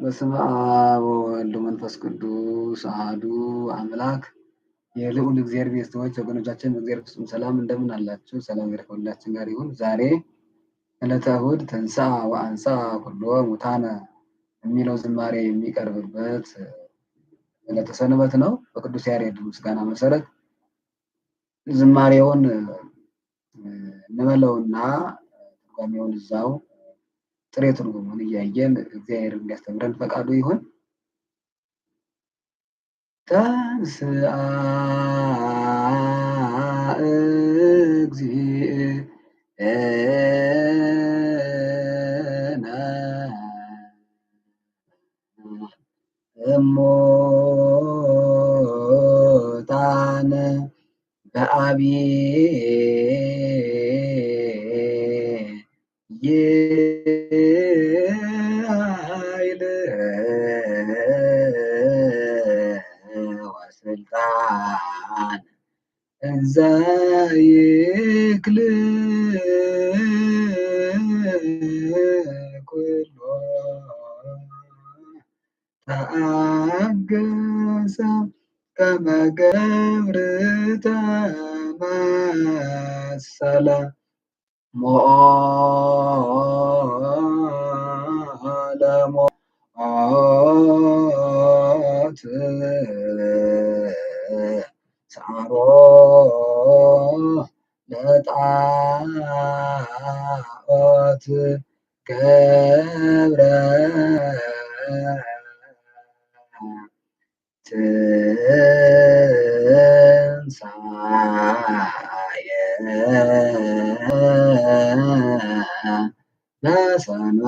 በስመ አብ ወወልድ መንፈስ ቅዱስ አህዱ አምላክ የልዑል እግዚአብሔር ቤተሰቦች ወገኖቻችን እግዚአብሔር ፍጹም ሰላም እንደምን አላችሁ? ሰላም እግዚአብሔር ከሁላችን ጋር ይሁን። ዛሬ ዕለተ እሑድ ተንሥአ ወአንሳ ኩሎ ሙታነ የሚለው ዝማሬ የሚቀርብበት ዕለተ ሰንበት ነው። በቅዱስ ያሬድ ምስጋና መሰረት ዝማሬውን እንበለውና ትርጓሜውን እዛው ጥሬ ትርጉሙን እያየን እግዚአብሔር እንዲያስተምረን ፈቃዱ ይሆን? ተንስአ እግዚእነ እሙታነ በአብይ ይልወስልጣን እንዘ ይክል ኩሎ ተአገሰ ከመገ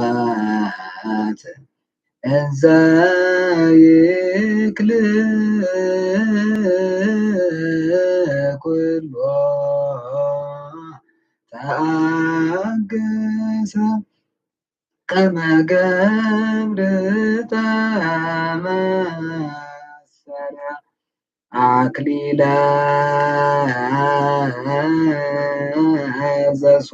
ሰማት እንዘ ይክልእ ኩሎ ተአግሰ ከመ ገብር ተመሰለ አክሊለ ዘሶ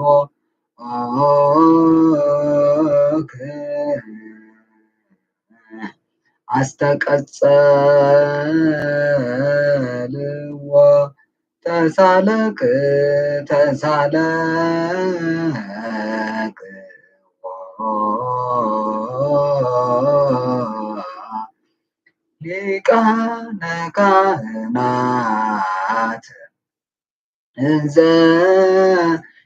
አስተቀጸልዎ ተሳለቅ ተሳለቅ ሊቃነ ካህናት እንዘ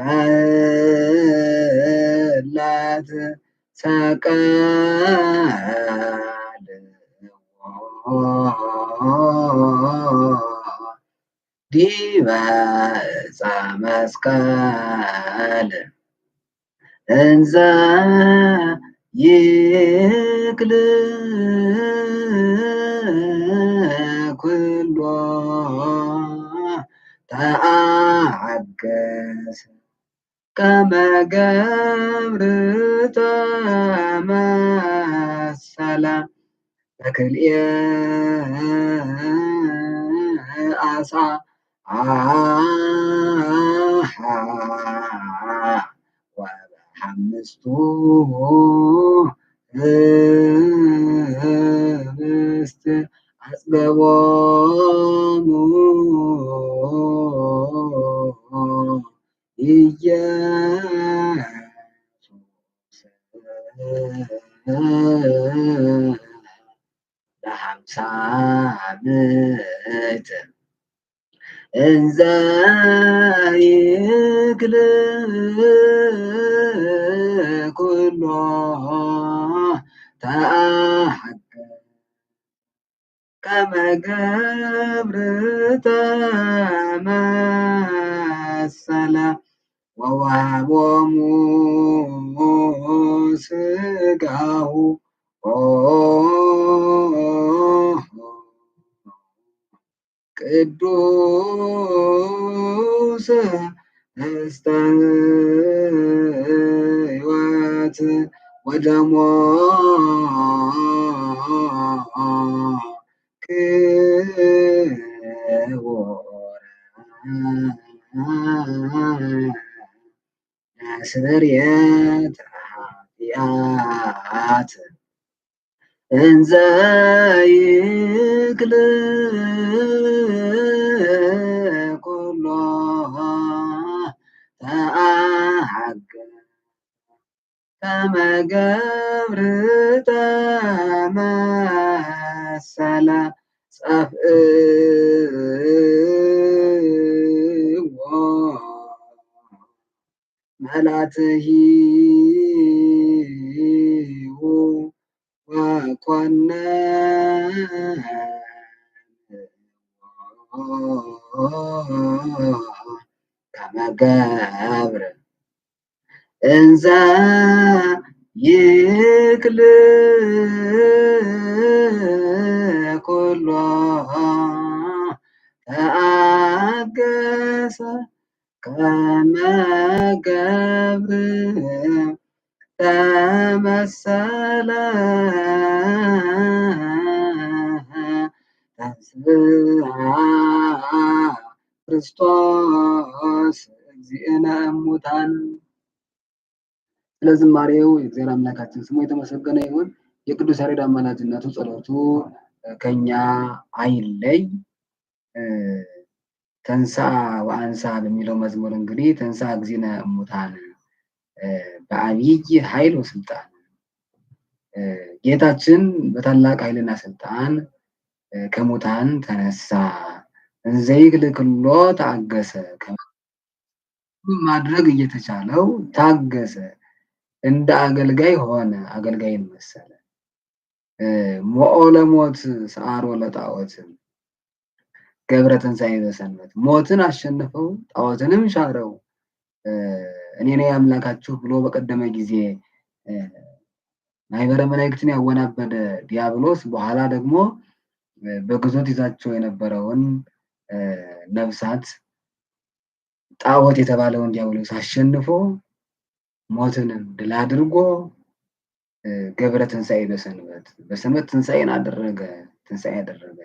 በላት ሰቀል ዲበ ዕፀ መስቀል እንዘ ይክል ኩሎ ተአገሰ ከመገብር ተመሰለ ተክልኤ አሳ አሓ ወበሓምስቱ ህብስት አጽገቦሙ ኢየሱስ ለሀምሳ ዓመት እንዘ ይክል ኩሎ ተአሐገ ከመ ገብር ተመሰለ ወዋህቦሙ ስጋሁ ቅዱስ እስተ ሕይወት ወደሞ ክቡር ስርየት ኃጢአት እንዘ ይክልእ ኩሎ ተአሐገ ከመ ገብርተ መሰለ ጸፍእ መላትሂው ወኮነ ከመገብር እንዘ ይክል ኩሎ ተአገሰ ከመ ገብር ተመሰለ ተንሥአ ክርስቶስ እግዚእነ እሙታን። ስለ ዝማሬው የእግዚአብሔር አምላካችን ስሙ የተመሰገነ ይሁን። የቅዱስ ያሬድ አማላጅነቱ ጸሎቱ ከኛ አይለይ። ተንሳ ወአንሳ በሚለው መዝሙር እንግዲህ ተንሳ እግዚእነ እሙታን በአብይ ኃይል ወስልጣን ጌታችን በታላቅ ኃይልና ስልጣን ከሙታን ተነሳ። እንዘይ ክልክሎ ታገሰ ማድረግ እየተቻለው ታገሰ። እንደ አገልጋይ ሆነ፣ አገልጋይን መሰለ። ሞኦ ለሞት ሰአሮ ለጣዖትም ገብረ ትንሣኤ በሰንበት ሞትን አሸነፈው ጣዖትንም ሻረው እኔ ነኝ አምላካችሁ ብሎ በቀደመ ጊዜ ማህበረ መላእክትን ያወናበደ ዲያብሎስ በኋላ ደግሞ በግዞት ይዛቸው የነበረውን ነፍሳት ጣዖት የተባለውን ዲያብሎስ አሸንፎ ሞትንም ድል አድርጎ ገብረ ትንሣኤ በሰንበት በሰንበት ትንሣኤን አደረገ ትንሣኤ አደረገ።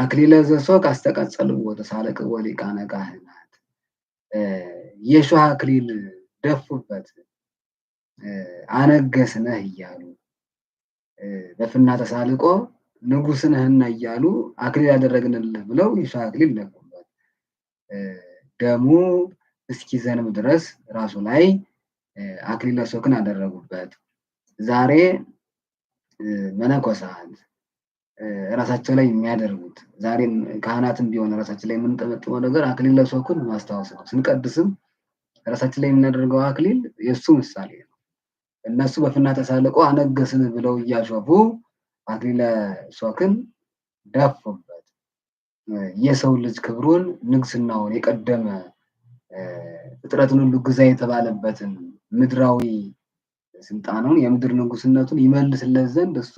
አክሊለ ዘሶክ አስተቀጸልዎ ተሳለቅዎ ሊቃነ ካህናት የሾህ አክሊል ደፉበት አነገስነህ እያሉ በፍና ተሳልቆ ንጉስ ነህና እያሉ አክሊል ያደረግንልህ ብለው የሾህ አክሊል ደፉበት። ደሙ እስኪ ዘንብ ድረስ ራሱ ላይ አክሊለ ሶክን አደረጉበት። ዛሬ መነኮሳት ራሳቸው ላይ የሚያደርጉት ዛሬም ካህናትም ቢሆን ራሳችን ላይ የምንጠመጥመው ነገር አክሊል ለብሶ እኩል ማስታወስ ነው። ስንቀድስም ራሳችን ላይ የምናደርገው አክሊል የእሱ ምሳሌ ነው። እነሱ በፍና ተሳልቆ አነገስን ብለው እያሾፉ አክሊለ ሶክን ደፉበት። የሰው ልጅ ክብሩን ንግስናውን የቀደመ ፍጥረትን ሁሉ ግዛ የተባለበትን ምድራዊ ስልጣኑን የምድር ንጉስነቱን ይመልስለት ዘንድ እሱ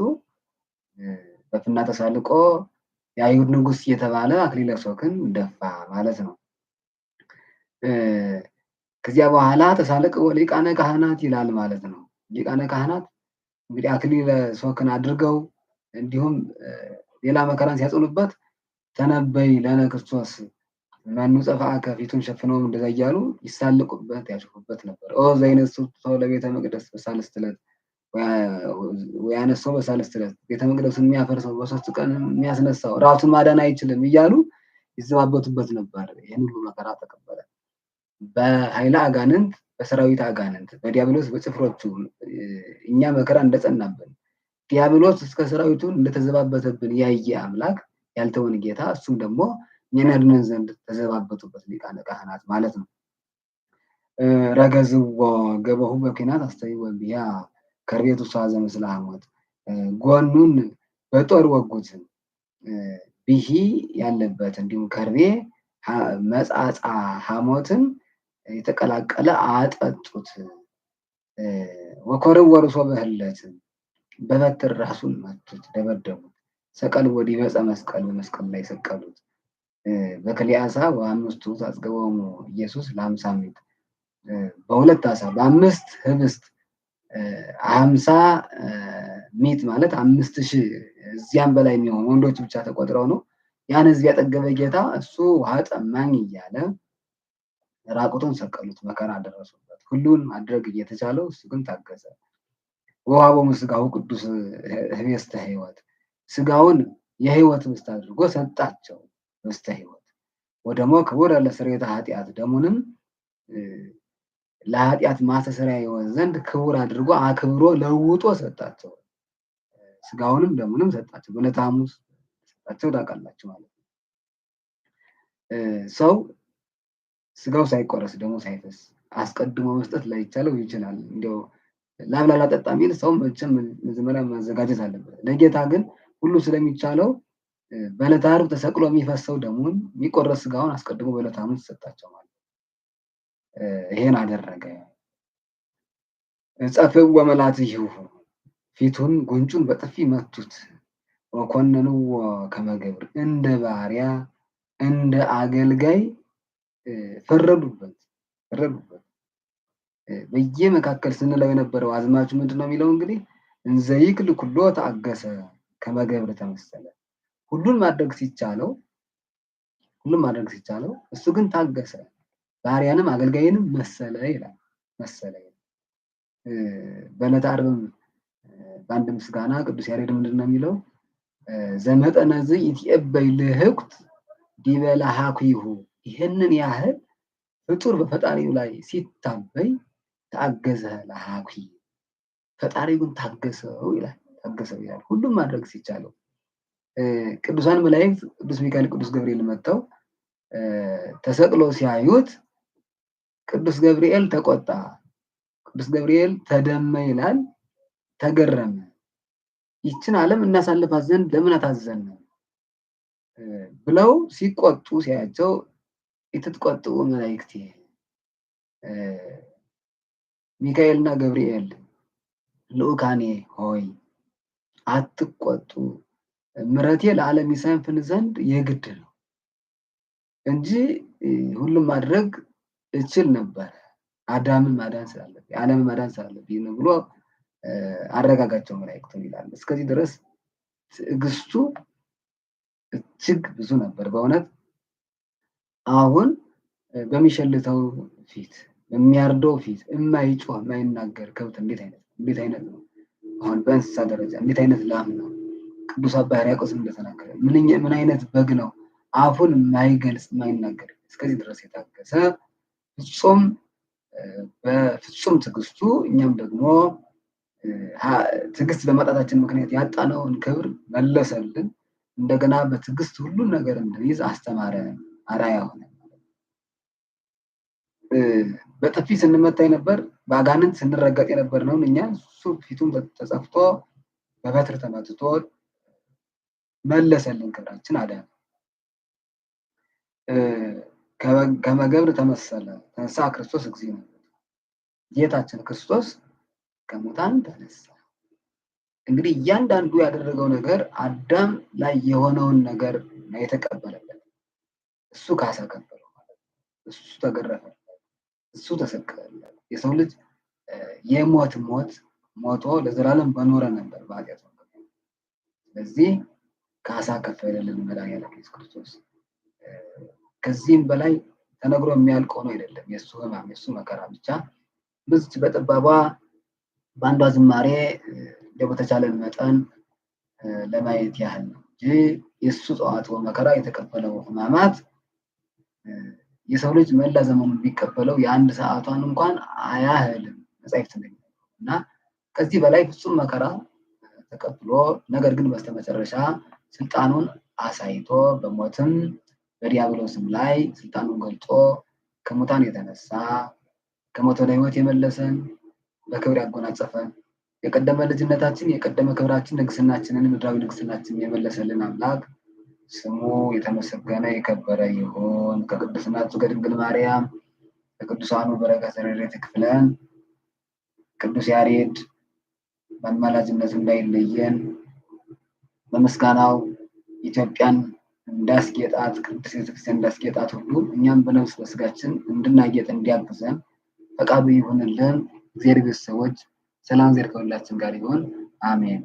በፍና ተሳልቆ የአይሁድ ንጉስ እየተባለ አክሊለ ሦክን ደፋ ማለት ነው። ከዚያ በኋላ ተሳልቅ ወሊቃነ ካህናት ይላል ማለት ነው። ሊቃነ ካህናት እንግዲህ አክሊለ ሦክን አድርገው እንዲሁም ሌላ መከራን ሲያጽኑበት ተነበይ ለነ ክርስቶስ መኑ ጸፋ ከፊቱን ሸፍነውም እንደዛ እያሉ ይሳልቁበት ያሽፉበት ነበር። ኦ ዘይነስቶ ለቤተ መቅደስ በሳልስት ዕለት ያነሳው በሰለስት ዕለት ቤተ መቅደሱን የሚያፈርሰው በሶስት ቀን የሚያስነሳው ራሱን ማዳን አይችልም እያሉ ይዘባበቱበት ነበር። ይህን ሁሉ መከራ ተቀበለ። በኃይለ አጋንንት፣ በሰራዊት አጋንንት፣ በዲያብሎስ በጭፍሮቹ እኛ መከራ እንደጸናብን ዲያብሎስ እስከ ሰራዊቱን እንደተዘባበተብን ያየ አምላክ ያልተውን ጌታ እሱም ደግሞ እኛን ዘንድ ተዘባበቱበት ሊቃነ ካህናት ማለት ነው። ረገዝዎ ገበሁ በኪናት አስተይ ወቢያ ከርቤቱ ሷዘ ምስለ ሐሞት ጎኑን በጦር ወጉት ብሂ ያለበት እንዲሁም ከርቤ መጻጻ ሐሞትን የተቀላቀለ አጠጡት። ወኮረወሩ ሶበህለት በበትር ራሱን መቱት፣ ደበደቡት። ሰቀል በፀ መስቀል በመስቀል ላይ ሰቀሉት። በክሊያሳ ዓሣ ወአምስቱ አጽገቦሙ ኢየሱስ ለአምሳሚት በሁለት ዓሣ በአምስት ህብስት ሀምሳ ሜት ማለት አምስት ሺህ እዚያም በላይ የሚሆኑ ወንዶች ብቻ ተቆጥረው ነው። ያን ህዝብ ያጠገበ ጌታ እሱ ውሃ ጠማኝ እያለ ራቁቱን ሰቀሉት፣ መከራ አደረሱበት። ሁሉን ማድረግ እየተቻለው እሱ ግን ታገሰ። ወሀቦሙ ስጋሁ ቅዱስ ህቤስተ ህይወት፣ ስጋውን የህይወት ህብስት አድርጎ ሰጣቸው። ህብስተ ህይወት ወደሞ ክቡር ለስርየተ ኃጢአት፣ ደሙንም ለኃጢአት ማስተሰሪያ የሆን ዘንድ ክቡር አድርጎ አክብሮ ለውጦ ሰጣቸው። ስጋውንም ደሙንም ሰጣቸው። በዕለተ ሐሙስ ሰጣቸው። ታውቃላችሁ ማለት ነው። ሰው ስጋው ሳይቆረስ ደግሞ ሳይፈስ አስቀድሞ መስጠት ላይቻለው ይችላል። እንዲያው ላብላ ላጠጣ የሚል ሰው መቼም መጀመሪያ ማዘጋጀት አለበት። ለጌታ ግን ሁሉ ስለሚቻለው በዕለተ ዓርብ ተሰቅሎ የሚፈሰው ደሙን የሚቆረስ ስጋውን አስቀድሞ በዕለተ ሐሙስ ሰጣቸው ማለት ነው። ይሄን አደረገ። ጸፍዕ ወመላትይሁ ፊቱን ጉንጩን በጥፊ መቱት። ወኮነንዎ ከመገብር እንደ ባሪያ እንደ አገልጋይ ፈረዱበት ፈረዱበት። በየመካከል ስንለው የነበረው አዝማቹ ምንድን ነው የሚለው እንግዲህ እንዘ ይክል ኩሎ ተአገሰ ከመ ተመሰለ። ሁሉን ማድረግ ሲቻለው ሁሉን ማድረግ ሲቻለው እሱ ግን ታገሰ። ባሪያንም አገልጋይንም መሰለ ይላል። መሰለ በዕለተ ዓርብም በአንድ ምስጋና ቅዱስ ያሬድ ምንድን ነው የሚለው? ዘመጠነ ዝ ልህኩት ዲበ ይህንን ያህል ፍጡር በፈጣሪው ላይ ሲታበይ ታገዘ ለሃኩ ፈጣሪ ግን ታገሰው ይላል። ታገሰው ይላል። ሁሉም ማድረግ ሲቻለው ቅዱሳን መላእክት ቅዱስ ሚካኤል፣ ቅዱስ ገብርኤል መጥተው ተሰቅሎ ሲያዩት ቅዱስ ገብርኤል ተቆጣ። ቅዱስ ገብርኤል ተደመ ይላል ተገረመ። ይችን ዓለም እናሳልፋት ዘንድ ለምን አታዘን ብለው ሲቆጡ ሲያቸው የትትቆጥቡ ሚካኤል ሚካኤልና ገብርኤል ልዑካኔ ሆይ አትቆጡ፣ ምረቴ ለዓለም ይሰንፍን ዘንድ የግድ ነው እንጂ ሁሉም ማድረግ እችል ነበረ አዳምን ማዳን ስላለብኝ ዓለምን ማዳን ስላለብኝ ነው ብሎ አረጋጋቸው መላእክቱን ይላል። እስከዚህ ድረስ ትዕግስቱ እጅግ ብዙ ነበር። በእውነት አሁን በሚሸልተው ፊት በሚያርደው ፊት የማይጮህ የማይናገር ከብት እንዴት አይነት እንዴት አይነት ነው? አሁን በእንስሳ ደረጃ እንዴት አይነት ላም ነው? ቅዱስ አባ ሕርያቆስ እንደተናገረ ምን አይነት በግ ነው? አፉን የማይገልጽ የማይናገር እስከዚህ ድረስ የታገሰ ፍጹም በፍጹም ትዕግስቱ እኛም ደግሞ ትዕግስት በማጣታችን ምክንያት ያጣነውን ክብር መለሰልን። እንደገና በትዕግስት ሁሉን ነገር እንድንይዝ አስተማረ፣ አራያ ሆነ። በጥፊ ስንመታ ነበር፣ በአጋንንት ስንረገጥ ነውን እኛ እሱ ፊቱን ተጸፍቶ በበትር ተመትቶ መለሰልን፣ ክብራችን አዳነ። ከመገብር ተመሰለ ተንሳ ክርስቶስ እግዚኦ ጌታችን ክርስቶስ ከሙታን ተነሳ። እንግዲህ እያንዳንዱ ያደረገው ነገር አዳም ላይ የሆነውን ነገር ነው የተቀበለበት። እሱ ካሳ ቀበለው እሱ ተገረፈ፣ እሱ ተሰቀለለት። የሰው ልጅ የሞት ሞት ሞቶ ለዘላለም በኖረ ነበር በኃጢአቱ። ስለዚህ ካሳ ከፈለልን መድኃኒዓለም ኢየሱስ ክርስቶስ ከዚህም በላይ ተነግሮ የሚያልቀው ነው አይደለም የእሱ ህማም የእሱ መከራ ብቻ ብዝች በጥባቧ በአንዷ ዝማሬ እንደው በተቻለን መጠን ለማየት ያህል ነው እንጂ የእሱ ጸዋትወ መከራ የተቀበለው ህማማት የሰው ልጅ መላ ዘመኑን የሚቀበለው የአንድ ሰዓቷን እንኳን አያህልም መጽሐፍት እና ከዚህ በላይ ፍጹም መከራ ተቀብሎ ነገር ግን በስተመጨረሻ ስልጣኑን አሳይቶ በሞትም በዲያብሎስም ላይ ስልጣኑን ገልጦ ከሙታን የተነሳ ከሞት ወደ ሕይወት የመለሰን በክብር ያጎናጸፈን የቀደመ ልጅነታችን የቀደመ ክብራችን ንግስናችንን ምድራዊ ንግስናችን የመለሰልን አምላክ ስሙ የተመሰገነ የከበረ ይሁን። ከቅድስናቱ ከድንግል ማርያም ከቅዱሳኑ በረከት ረድኤት ክፍለን ቅዱስ ያሬድ በአማላጅነቱ እንዳይለየን በምስጋናው ኢትዮጵያን እንዳስጌጣት ቅዱስ ቤተክርስቲያን እንዳስጌጣት ሁሉ እኛም በነብስ በስጋችን እንድናጌጥ እንዲያብዘን ፈቃዱ ይሁንልን። እግዚአብሔር ቤተሰቦች ሰላም ዜር ከሁላችን ጋር ይሆን። አሜን።